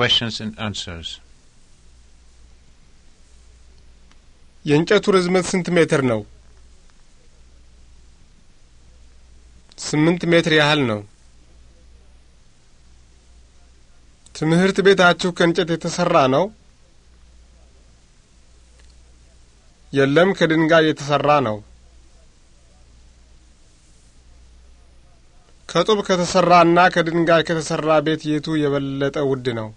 questions and answers የእንጨቱ ርዝመት ስንት ሜትር ነው? ስምንት ሜትር ያህል ነው። ትምህርት ቤታችሁ ከእንጨት የተሰራ ነው? የለም፣ ከድንጋይ የተሰራ ነው። ከጡብ ከተሰራ እና ከድንጋይ ከተሰራ ቤት የቱ የበለጠ ውድ ነው?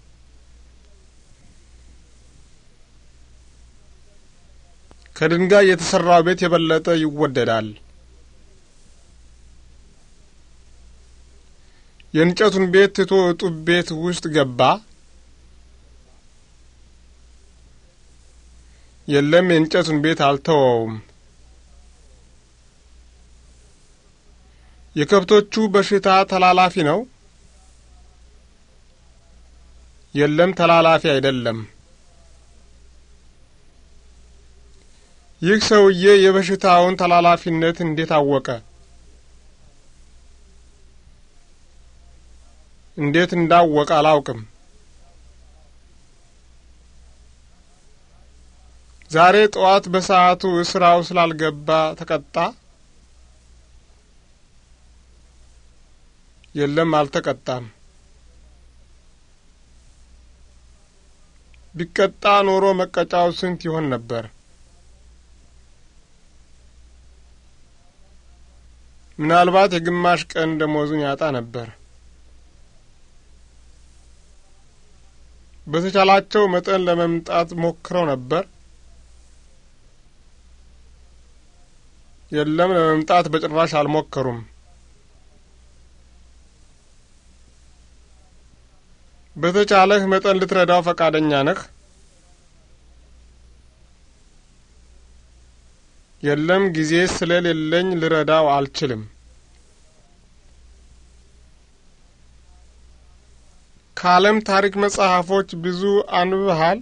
ከድንጋይ የተሰራው ቤት የበለጠ ይወደዳል። የእንጨቱን ቤት ትቶ እጡብ ቤት ውስጥ ገባ። የለም፣ የእንጨቱን ቤት አልተወውም። የከብቶቹ በሽታ ተላላፊ ነው። የለም፣ ተላላፊ አይደለም። ይህ ሰውዬ የበሽታውን ተላላፊነት እንዴት አወቀ? እንዴት እንዳወቀ አላውቅም። ዛሬ ጠዋት በሰዓቱ ስራው ስላልገባ ተቀጣ? የለም፣ አልተቀጣም። ቢቀጣ ኖሮ መቀጫው ስንት ይሆን ነበር? ምናልባት የግማሽ ቀን ደሞዙን ያጣ ነበር። በተቻላቸው መጠን ለመምጣት ሞክረው ነበር። የለም፣ ለመምጣት በጭራሽ አልሞከሩም። በተቻለህ መጠን ልትረዳው ፈቃደኛ ነህ? የለም ጊዜ ስለሌለኝ ልረዳው አልችልም። ከዓለም ታሪክ መጽሐፎች ብዙ አንብበሃል?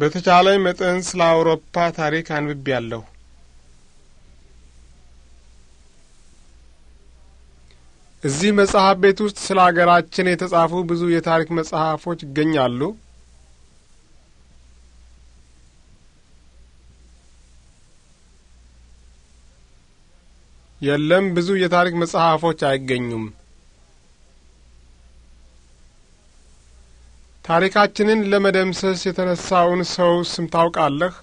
በተቻለ መጠን ስለ አውሮፓ ታሪክ አንብቤያለሁ። እዚህ መጽሐፍ ቤት ውስጥ ስለ አገራችን የተጻፉ ብዙ የታሪክ መጽሐፎች ይገኛሉ። የለም፣ ብዙ የታሪክ መጽሐፎች አይገኙም። ታሪካችንን ለመደምሰስ የተነሳውን ሰው ስም ታውቃለህ?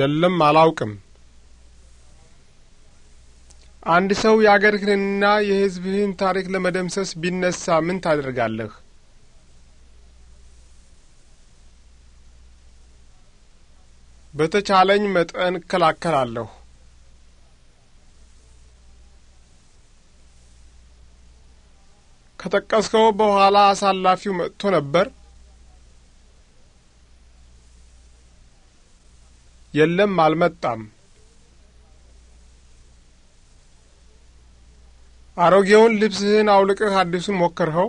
የለም፣ አላውቅም። አንድ ሰው የአገርህንና የሕዝብህን ታሪክ ለመደምሰስ ቢነሳ ምን ታደርጋለህ? በተቻለኝ መጠን እከላከላለሁ። ከጠቀስከው በኋላ አሳላፊው መጥቶ ነበር? የለም፣ አልመጣም። አሮጌውን ልብስህን አውልቀህ አዲሱን ሞከርኸው?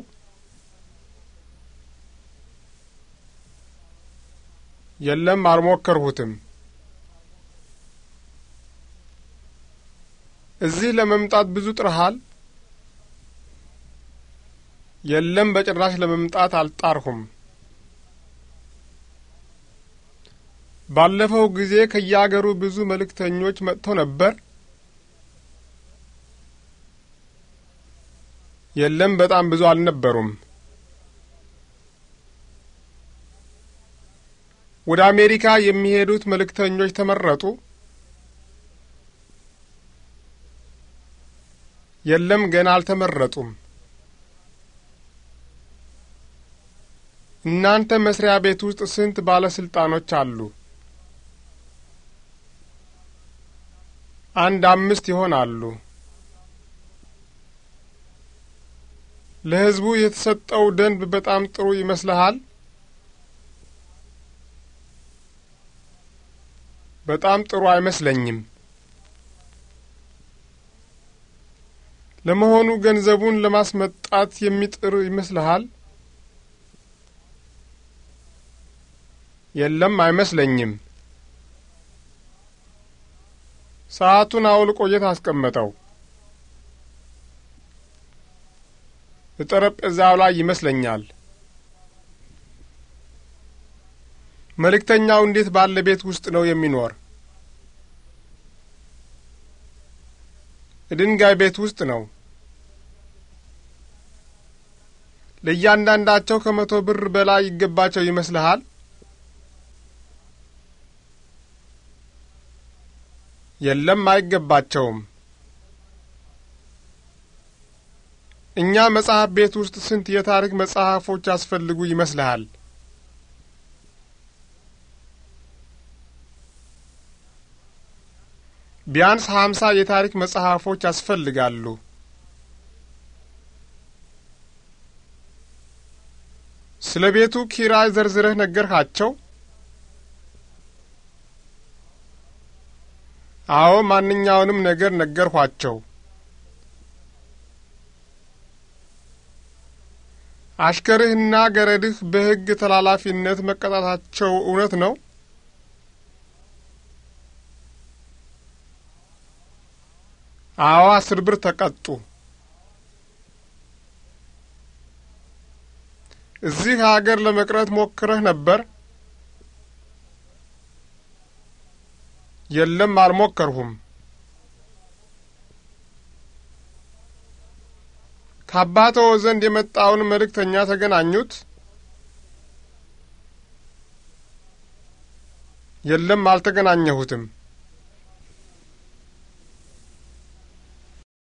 የለም፣ አልሞከርሁትም። እዚህ ለመምጣት ብዙ ጥረሃል? የለም፣ በጭራሽ ለመምጣት አልጣርሁም። ባለፈው ጊዜ ከየአገሩ ብዙ መልእክተኞች መጥቶ ነበር? የለም፣ በጣም ብዙ አልነበሩም። ወደ አሜሪካ የሚሄዱት መልእክተኞች ተመረጡ? የለም፣ ገና አልተመረጡም። እናንተ መስሪያ ቤት ውስጥ ስንት ባለስልጣኖች አሉ? አንድ አምስት ይሆናሉ። ለሕዝቡ የተሰጠው ደንብ በጣም ጥሩ ይመስልሃል? በጣም ጥሩ አይመስለኝም። ለመሆኑ ገንዘቡን ለማስመጣት የሚጥር ይመስልሃል? የለም፣ አይመስለኝም። ሰዓቱን አውልቆ የት አስቀመጠው? ጠረጴዛው ላይ ይመስለኛል። መልእክተኛው እንዴት ባለ ቤት ውስጥ ነው የሚኖር? ድንጋይ ቤት ውስጥ ነው። ለእያንዳንዳቸው ከመቶ ብር በላይ ይገባቸው ይመስልሃል? የለም፣ አይገባቸውም። እኛ መጽሐፍ ቤት ውስጥ ስንት የታሪክ መጽሐፎች ያስፈልጉ ይመስልሃል? ቢያንስ ሀምሳ የታሪክ መጽሐፎች ያስፈልጋሉ። ስለ ቤቱ ኪራይ ዘርዝረህ ነገርካቸው? አዎ፣ ማንኛውንም ነገር ነገርኋቸው። አሽከርህና ገረድህ በሕግ ተላላፊነት መቀጣታቸው እውነት ነው? አዎ አስር ብር ተቀጡ። እዚህ አገር ለመቅረት ሞክረህ ነበር? የለም፣ አልሞከርሁም። ከአባተዎ ዘንድ የመጣውን መልእክተኛ ተገናኙት? የለም፣ አልተገናኘሁትም።